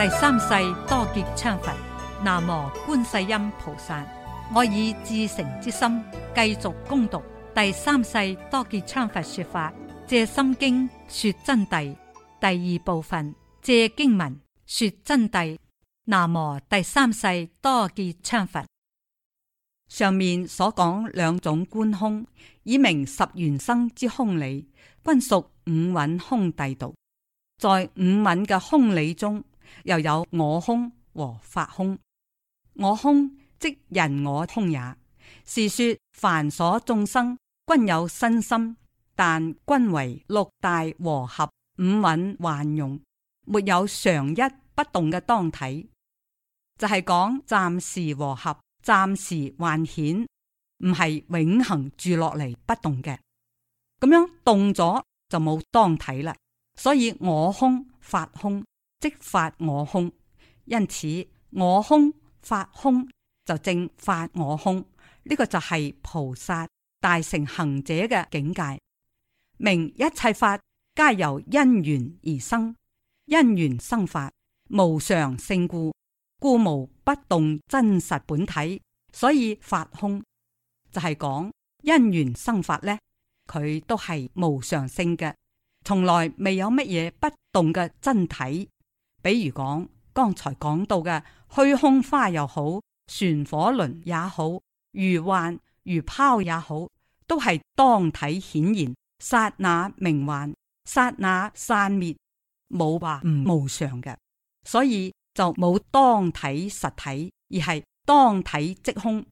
第三世多杰羌佛，南無觀世音菩薩。我以至誠之心繼續攻讀第三世多杰羌佛說法，借心經說真諦第二部分，借經文說真諦。南無第三世多杰羌佛。上面所講兩種觀空，以明十緣生之空理，均屬五蘊空諦道。在五蘊嘅空理中。又有我空和法空，我空即人我空也，是說凡所眾生均有身心，但均為六大和合、五蘊幻用，沒有常一不動嘅當體，就係、是、講暫時和合、暫時幻顯，唔係永恒住落嚟不動嘅。咁樣動咗就冇當體啦，所以我空法空。即法我空，因此我空法空就正法我空，呢、這個就係菩薩大乘行者嘅境界。明一切法皆由因緣而生，因緣生法無常性故，故無不動真實本體。所以法空就係、是、講因緣生法呢，佢都係無常性嘅，從來未有乜嘢不動嘅真體。比如講剛才講到嘅虛空花又好，旋火輪也好，如幻如拋也好，都係當體顯現，剎那明幻，剎那散滅，冇話無常嘅，所以就冇當體實體，而係當體即空。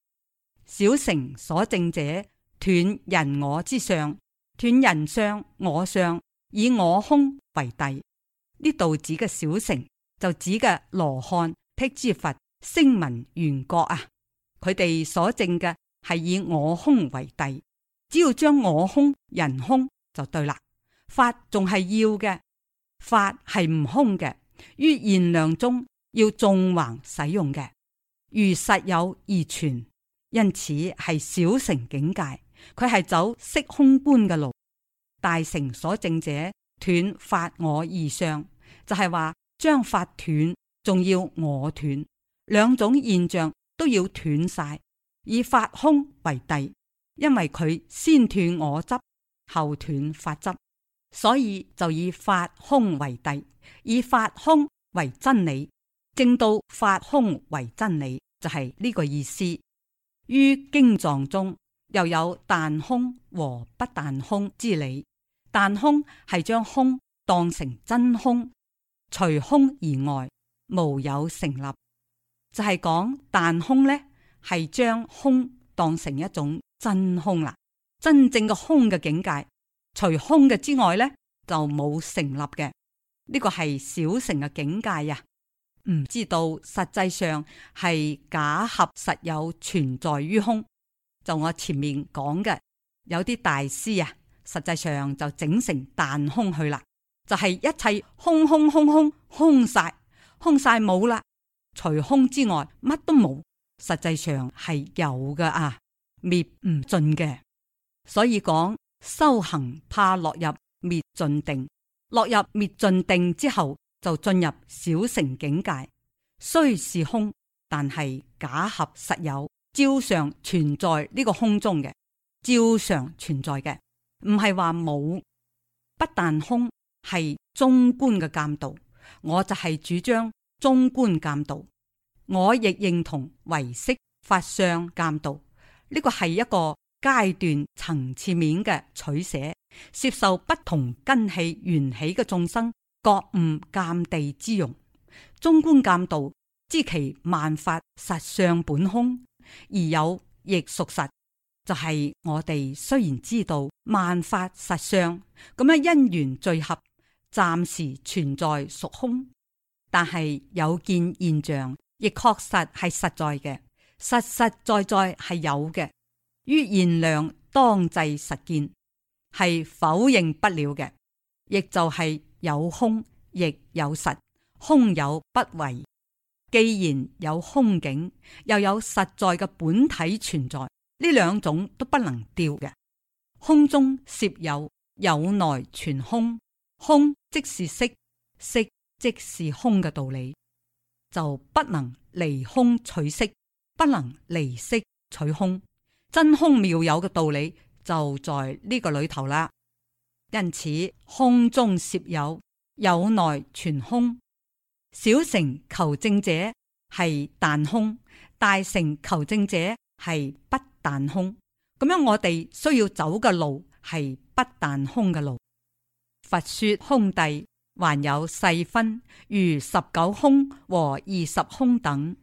小乘所證者，斷人我之相，斷人相我相，以我空為帝。呢度指嘅小乘就指嘅羅漢、辟支佛、聲聞、緣覺啊，佢哋所證嘅係以我空為諦，只要將我空人空就對啦。法仲係要嘅，法係唔空嘅，於現量中要縱橫使用嘅，如實有而存，因此係小乘境界。佢係走色空觀嘅路，大乘所證者，斷法我而上，就係、是、話將法斷，仲要我斷，兩種現象都要斷晒，以法空為諦，因為佢先斷我執，後斷法執，所以就以法空為諦，以法空為真理，正到法空為真理，就係、是、呢個意思。於經藏中，又有但空和不但空之理。但空係將空當成真空，除空而外無有成立，就係、是、講但空咧係將空當成一種真空啦，真正嘅空嘅境界，除空嘅之外咧就冇成立嘅，呢、這個係小乘嘅境界啊，唔知道實際上係假合實有存在於空，就我前面講嘅有啲大師啊。實際上就整成彈空去啦，就係、是、一切空空空空空晒，空晒冇啦。除空之外，乜都冇。實際上係有嘅啊，滅唔盡嘅。所以講修行怕落入滅盡定，落入滅盡定之後就進入小乘境界。雖是空，但係假合實有，照常存在呢個空中嘅，照常存在嘅。唔係話冇，不但空係中觀嘅鑒道，我就係主張中觀鑒道，我亦認同唯識法相鑒道，呢個係一個階段層次面嘅取捨，接受不同根器緣起嘅眾生覺悟鑒地之用。中觀鑒道知其萬法實相本空，而有亦屬實。就係我哋雖然知道萬法實相咁樣，因緣聚合，暫時存在屬空，但係有見現象，亦確實係實在嘅，實實在在係有嘅。於現量當際實見，係否認不了嘅，亦就係有空亦有實，空有不為。既然有空境，又有實在嘅本體存在。呢兩種都不能掉嘅。空中攝有，有內存空，空即是色，色即是空嘅道理，就不能離空取色，不能離色取空，真空妙有嘅道理就在呢個裏頭啦。因此，空中攝有，有內存空，小成求證者係但空，大成求證者係不.但空咁樣，我哋需要走嘅路係不但空嘅路。佛說空諦還有細分，如十九空和二十空等。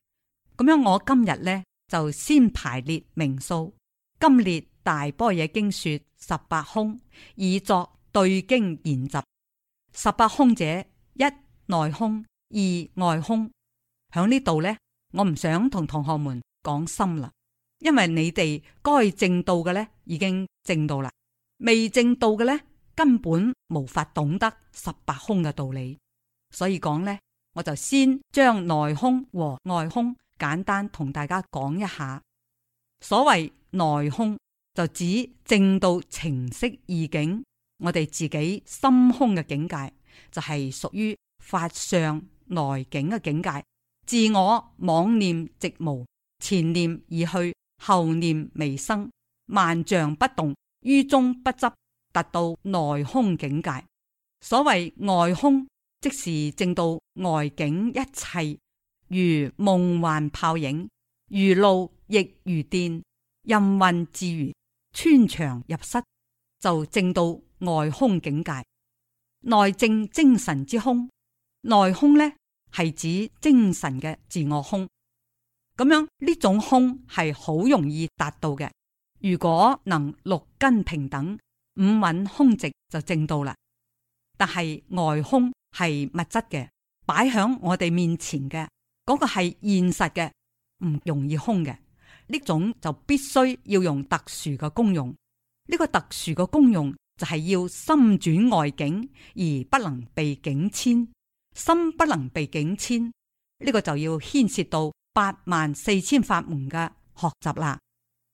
咁樣，我今日呢，就先排列名數。今列大般若經說十八空，以作對經研習。十八空者，一內空，二外空。喺呢度呢，我唔想同同學們講深啦。因為你哋該正道嘅咧，已經正到啦；未正道嘅咧，根本無法懂得十八空嘅道理。所以講呢，我就先將內空和外空簡單同大家講一下。所謂內空，就指正道、情色意境，我哋自己心空嘅境界，就係、是、屬於法上內境嘅境界，自我妄念直無，前念而去，後念未生，萬象不動，於中不執，達到內空境界。所謂外空，即是證到外境一切如夢幻泡影，如露亦如電，任運自如，穿牆入室，就證到外空境界。內證精神之空，內空呢係指精神嘅自我空。咁樣呢種空係好容易達到嘅。如果能六根平等、五蘊空寂就證到啦。但係外空係物質嘅，擺響我哋面前嘅嗰個係現實嘅，唔容易空嘅。呢種就必須要用特殊嘅功用。呢個特殊嘅功用就係要心轉外境，而不能被境遷。心不能被境遷，呢個就要牽涉到。八萬四千法門嘅學習啦，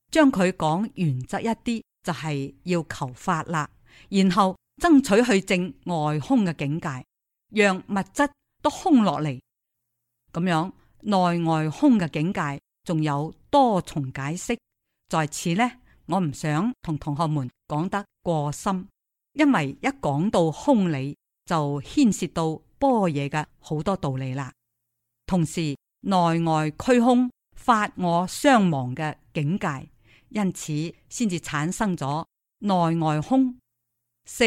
將佢講原則一啲，就係、是、要求法啦，然後爭取去證外空嘅境界，讓物質都空落嚟。咁樣內外空嘅境界，仲有多重解釋。在此呢，我唔想同同學們講得過深，因為一講到空理，就牽涉到般若嘅好多道理啦，同時。內外虛空，法我雙亡嘅境界，因此先至產生咗內外空。四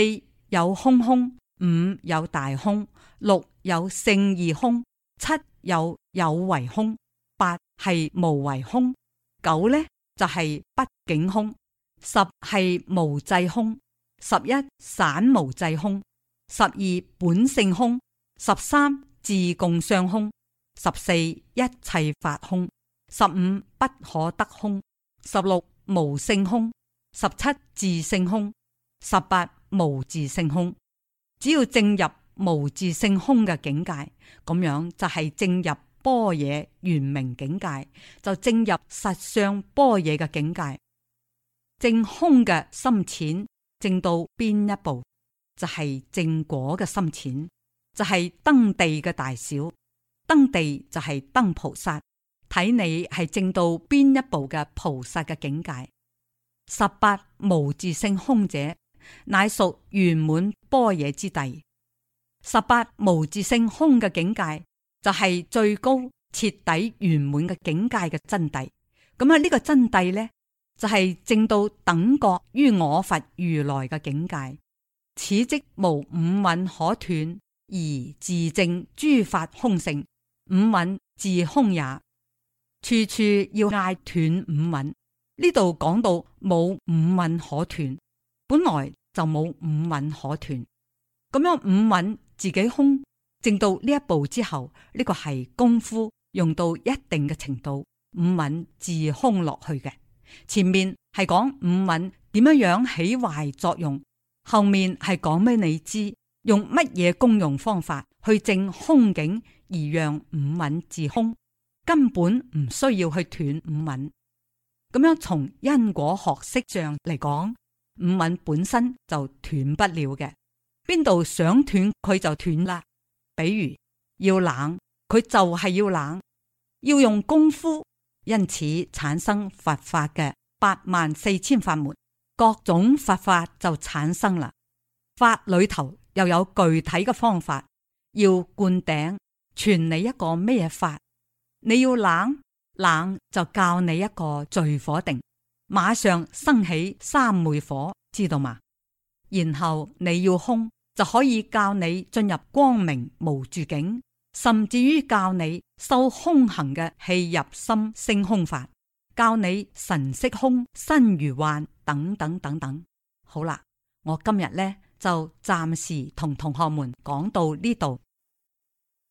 有空空，五有大空，六有勝義空，七有有為空，八係無為空，九呢就係、是、畢竟空，十係無際空，十一散無際空，空，十二本性空，十三自共相空。十四一切法空，十五不可得空，十六無性空，十七自性空，十八無自性空。只要正入無自性空嘅境界，咁樣就係正入般若圓明境界，就正入實相般若嘅境界。正空嘅深淺，正到邊一步就係、是、正果嘅深淺，就係、是、登地嘅大小。登地就係登菩薩，睇你係正到邊一步嘅菩薩嘅境界。十八無自性空者，乃屬圓滿般若之地。十八無自性空嘅境界，就係、是、最高徹底圓滿嘅境界嘅真諦。咁啊，呢個真諦呢，就係、是、正到等覺於我佛如來嘅境界。此即無五蘊可斷而自證諸法空性。五蘊自空也，處處要嗌斷五蘊。呢度講到冇五蘊可斷，本來就冇五蘊可斷。咁樣五蘊自己空淨到呢一步之後，呢個係功夫用到一定嘅程度，五蘊自空落去嘅。前面係講五蘊點樣樣起壞作用，後面係講俾你知用乜嘢功用方法。去證空境而讓五蘊自空，根本唔需要去斷五蘊。咁樣從因果學識上嚟講，五蘊本身就斷不了嘅。邊度想斷佢就斷啦。比如要冷，佢就係要冷，要用功夫，因此產生佛法嘅八萬四千法門，各種佛法就產生啦。法裏頭又有具體嘅方法。要灌頂，傳你一個咩法？你要冷，冷就教你一個聚火定，馬上升起三昧火，知道嗎？然後你要空，就可以教你進入光明無住境，甚至於教你修空行嘅氣入心升空法，教你神識空身如幻，等等等等。好啦，我今日呢，就暫時同同學們講到呢度。